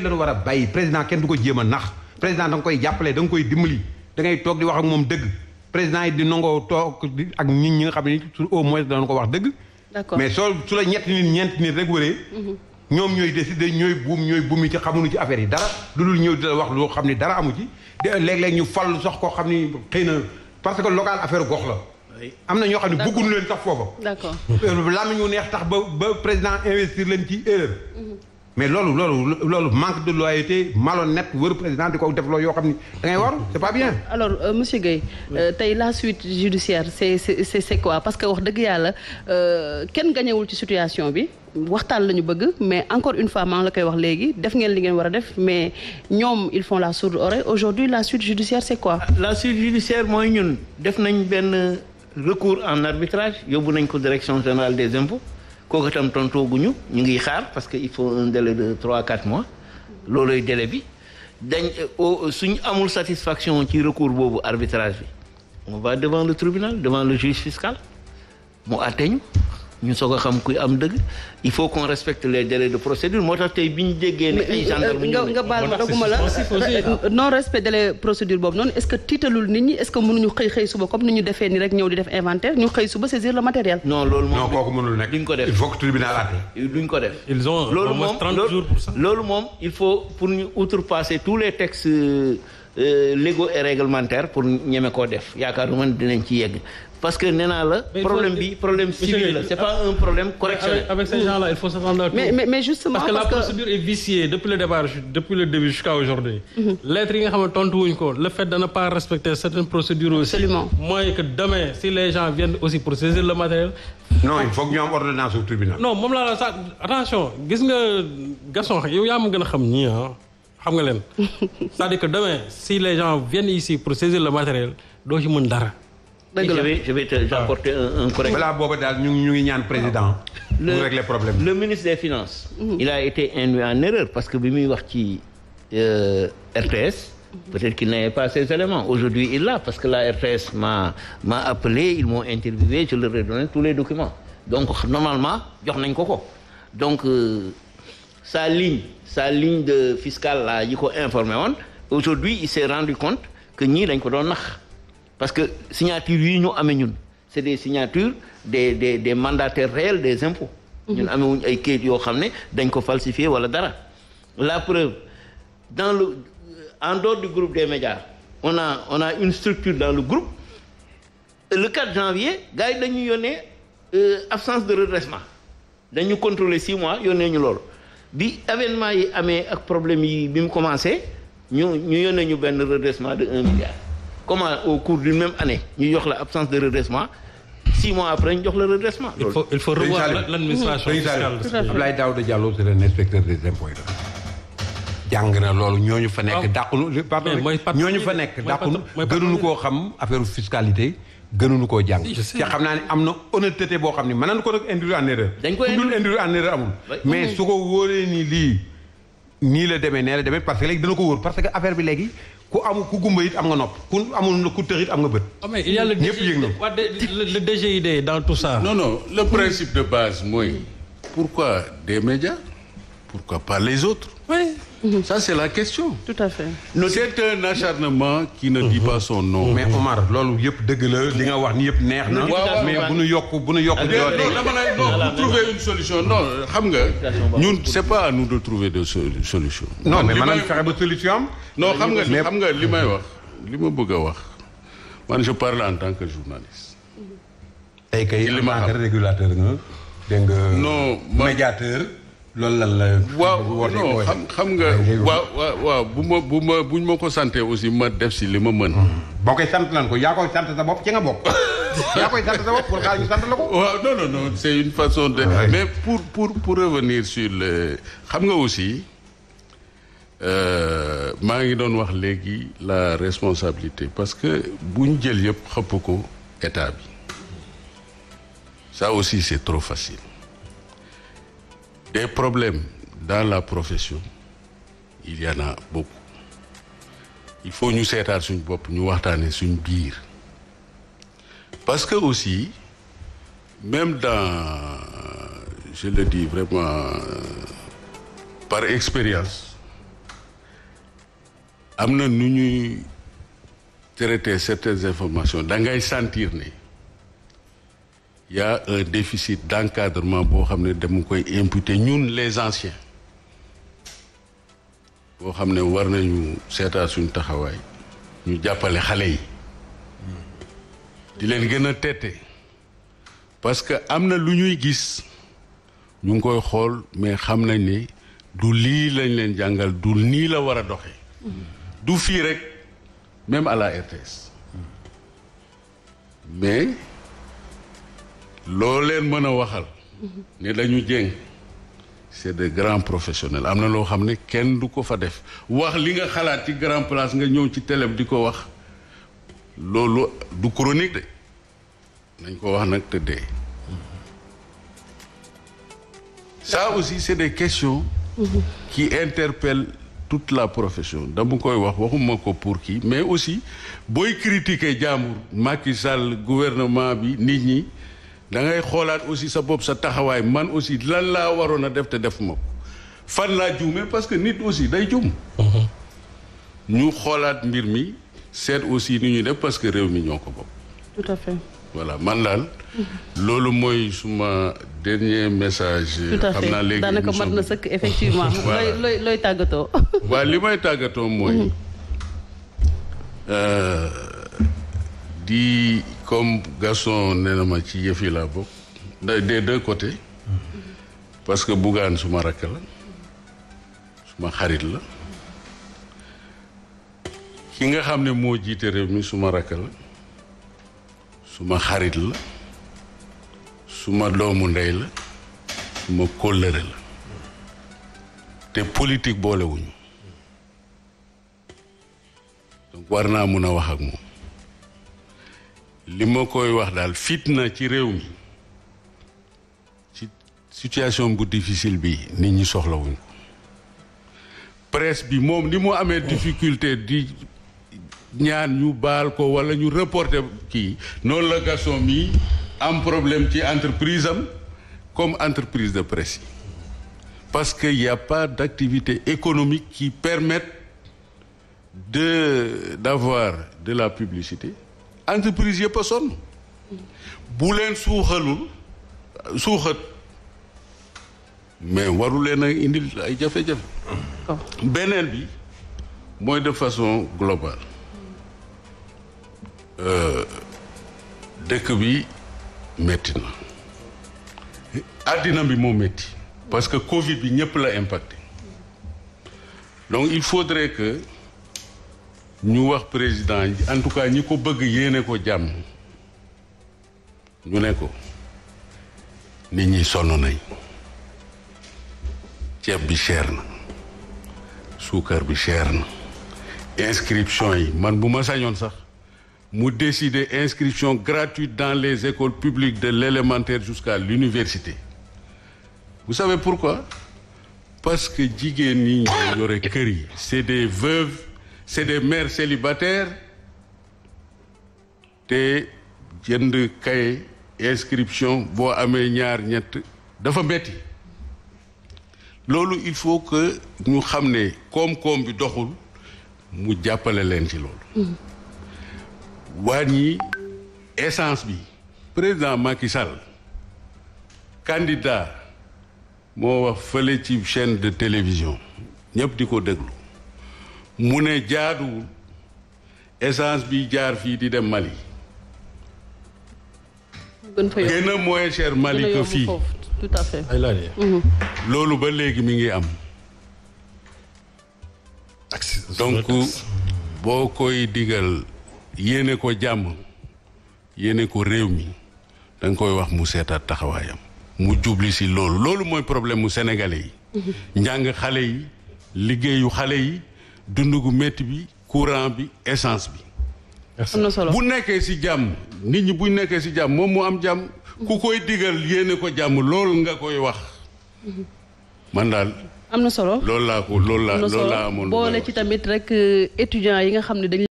yooyu la ñu war a bàyyi président du ko jéem a nax président da nga koy jàppale da nga koy dimbali da toog di wax ak moom dëgg président yi di nangoo toog ak nit ñi nga xam ne au moins danañ ko wax dëgg. d'accord mais soo su nit ñeenti nit rek wëree. Mhm. ñoom ñooy décider ñooy buum ñooy buumi ci xamuñu ci affaire yi dara lu dul ñëw di la wax loo xam ne dara amu ci de léeg-léeg ñu fal sax koo xam ni xëy na parce que local affaire gox la. am na ñoo xam ne bëgguñu leen sax foofa. d'accord euh, làmmiñ wu neex tax ba ba président investir leen ci erreur. Mhm. mais loolu loolu loolu manque de loyauté malhonnête wër président di ko def loolu yoo xam ni da ngay waru c'est pas bien. alors euh, monsieur euh, tey la suite judiciaire c'est c'est c'est, quoi parce que wax dëgg yàlla euh, kenn gañewul ci situation bi waxtaan la ñu bëgg mais encore une fois maa la koy wax léegi def ngeen li ngeen war a def mais ñoom ils font la sourde oreille aujourd'hui la suite judiciaire c'est quoi. la suite judiciaire mooy ñun def nañ benn recours en arbitrage yóbbu nañ ko direction générale des impôts. kooku itam tontooguñu ñu ngi xaar parce que il faut un délai de trois quatre mois looloy délai bi dañ euh, suñ amul satisfaction ci recours boobu arbitrage bi on va devant le tribunal devant le juge fiscal mu àtte ñu soog a xam kuy am dëgg il faut qu'on respecte les délais de procédure moo tax tey bi ñu déggee ne ay gendarme euh, nga baal ma doguma la non respect délai procédure boobu noonu est-ce tiitalul nit ñi est-ce que xëy xëy suba comme ni ñu defee ni rek ñëw di def inventaire ñu xëy suba saisir le matériel non loolu moom loolu moom il faut pour ñu outrepasser tous les textes euh, Euh, légaux et réglementaires pour ñeme koo def yaakaaruma ne dinañ ci yegg parce que nee naa la. problème bi problème civil la c'est pas un problème correctionnel. avec ces gens mais mais que la procédure est viciée depuis le départ depuis le début jusqu'à aujourd'hui mhm. lettres yi nga xam ne tontu wuñ ko le fait de ne pas respecter certaines procédures aussi. absolument mooy que demain si les gens viennent aussi pour saisir le matériel. non il faut que am ordonnance a xam ñii ah. xam nga leen cest à que demain si les gens viennent ici pour saisir le matériel doo ci mën dara. dëgg la je vais te apporter un daal ñu ñu ngi ñaan président. Ah. le problème le ministre des finances. Mm-hmm. il a été induit en erreur parce que bi muy wax ci euh, RTS. Mm-hmm. peut-être qu'il n'avait pas ces éléments aujourd'hui il l'a parce que la RTS m'a m'a appelé ils m'ont interviewé je leur ai donné tous les documents donc normalement jox nañ ko ko donc. Euh, sa ligne sa ligne de fiscale la yi ko informé woon aujourd'hui il s'est rendu compte que ñii dañ ko doon nax parce que signature yi ñu amee ñun c'est des signatures des des des mandataires réels des impôts mmh. ñun amewuñ ay kayit yoo xam ne dañ ko falsifié wala dara la preuve dans le en dehors du groupe des médias on a on a une structure dans le groupe le 4 janvier gars yi dañu yónnee euh, absence de redressement dañu contrôler six mois yonnee ñu loolu bi avènement yi amee ak problème yi bi mu commencé ñu ñu yónnee ñu benn redressement de un milliard comment au cours d'une même année ñu jox la absence de redressement six mois après ñu jox la redressement. il faut il faut revoir l'administration fiscale. Abdoulaye Daouda Diallo c'est un inspecteur des impôts yi jàng na fa nekk ah. dàqunu. mais mooy ñooñu fa nekk dàqunu gënuñu koo xam affaire fiscalité. gënuñu koo jàng. te xam naa ne am na honnêteté boo xam ne mën nañu ko nag induire en erreur. dañ koy induire induire en erreur amul. mais mm. su ko wóoree nii lii nii la demee nee la demee parce que léegi dana ko wóor parce que affaire bi léegi ku amul ku gumba it am nga nopp ku amul ku tëx it am nga bët. Oh, ñëpp yëg na le DGID dans tout ça. non non le principe de base mooy. pourquoi des média pourquoi pas les autres Oui. Mmh. la question. Tout à fait. C'est un acharnement qui ne dit pas son nom. Mm-hmm. Mais Omar, loolu yëpp dëgg la li nga wax ni yëpp neex na. mais bu ñu yokk bu nu yokk. Eh non solution non xam nga. ñun c'est pas à de trouver de solution. non mais maanaam fexe ba solution am. non xam nga xam nga li may wax li ma bëgg a wax man je parle tant que journaliste. tey kay en tant nga dégg nga. médiateur. loolu lan la waaw non xam xam nga waaw waaw waaw bu bu ma ma ko sante aussi ma def si li ma mën hmm. boo koy sant ko yaa koy sant sa bopp nga bokk yaa koy sant sa bopp pour c'est une façon de ah, mais pour pour revenir sur le xam nga aussi euh, maa ngi doon wax léegi la responsabilité parce que buñ jël yëpp xëppu ko état bi ça aussi c'est trop facile Des problème dans la profession il y en beaucoup il faut ñu seetaat suñ bopp ñu waxtaanee suñ biir parce que aussi même dans je le di vraiment par expérience am na nu ñuy traiter certaines informations da ngay sentir ne y a un déficit d'encadrement boo xam ne dama koy imputer ñun les anciens boo xam ne war nañu seetaa suñu taxawaay ñu jàppale xale yi di leen gën a tette parce que am na lu ñuy gis ñu ngi koy xool mais xam nañ ne du lii lañ leen jàngal du nii la war a doxee du fii rek même à la RTS mais loo leen mën a waxal. Mhm. ne dañu jéng c'est des grands professionnels am na loo xam ne kenn du ko fa def wax li nga xalaat ci grand place nga ñëw ci télé di ko wax loolu du chronique de nañ ko wax nag te dee. ça aussi c'est des questions. Mhm. qui interpellent toute la profession dama koy wax waxuma ko pour kii mais aussi booy critiquer jàmbur Macky sàll gouvernement bi nit ñi. da ngay xoolaat aussi sa bopp sa taxawaay man aussi lan laa waroon a def te def ko fan laa juumee parce que nit aussi day juum. Mhm. ñu xoolaat mbir mi seet aussi ni ñu def parce que réew mi ñoo ko bokk. tout man daal. Mhm. loolu mooy suma dernier message. xam naa léegi daanaka mat na sëkk effectivement. looy tàggatoo. waaw li may tàggatoo mooy. Mhm. Euh, di. comme Gaston nee na ma ci yëf yi laa bokk des deux côtés parce que Bougane suma rakk la suma xarit la ki nga xam ne moo jiite réew mi suma rakk suma xarit la suma doomu ndey la suma kóllëre la te politique boolewuñu donc war naa mën a wax ak moom li ma koy wax daal fitna ci réew mi ci situation bu difficile bi nit ñi soxlawuñ ko presse bi moom ni mu amee difficulté di ñaan ñu baal ko walla ñu reporter kii noonu la Gaston mi am problème ci entreprise am comme entreprise de presse yi parce que y a d'activité économique qui permette de d'avoir de la publicité entreprise yëpp a sonn bu leen suuxalul suuxat mais waru leen a indil ay jafe-jafe beneen bi mooy de façon globale euh, dëkk bi métti na àddina bi moo métti parce que Covid bi ñëpp la impacté donc il faudrait que ñu wax président en tout cas ñi ko bëgg yéene ko jàmm ñu ne ko nit ñi sonn nañ ceeb bi cher na suukar bi cher na inscription yi man bu ma sañoon sax mu décider inscription gratuite dans les écoles publiques de l'élémentaire jusqu'à l'université vous savez pourquoi parce que jigéen ñi ñu yore kër yi c'est des veuves c'est des mères célibataires te jënd kay inscription boo amee ñaar ñett dafa metti loolu il faut que ñu xam ne koom-koom bi doxul mu jàppale leen ci loolu mm-hmm. wàññi essence bi président Macky Sall candidat moo wax fële ci chaîne de télévision ñëpp di ko déglu mu ne jaaduwul essence bi jaar fii di dem Mali. gën fa gën a moins Mali que fii. Mhm. loolu ba léegi mu ngi am. donc boo koy digal yéene ko jàmm yéene ko réew mi da koy wax mu seetaat taxawaayam. mu jubli si loolu loolu mooy problème mu sénégalais yi. Mhm. njàng xale yi liggéeyu xale yi. dund gu métti bi courant bi essence bi. na solo bu nekkee si jàmm nit ñi buñ nekkee si jàmm moom mu am jàmm. ku koy digal yéene ko jàmm lool nga koy wax. man daal. am na solo lool laa ko loolu laa amoon. boole ci tamit rek euh, étudiants yi nga xam ne dañ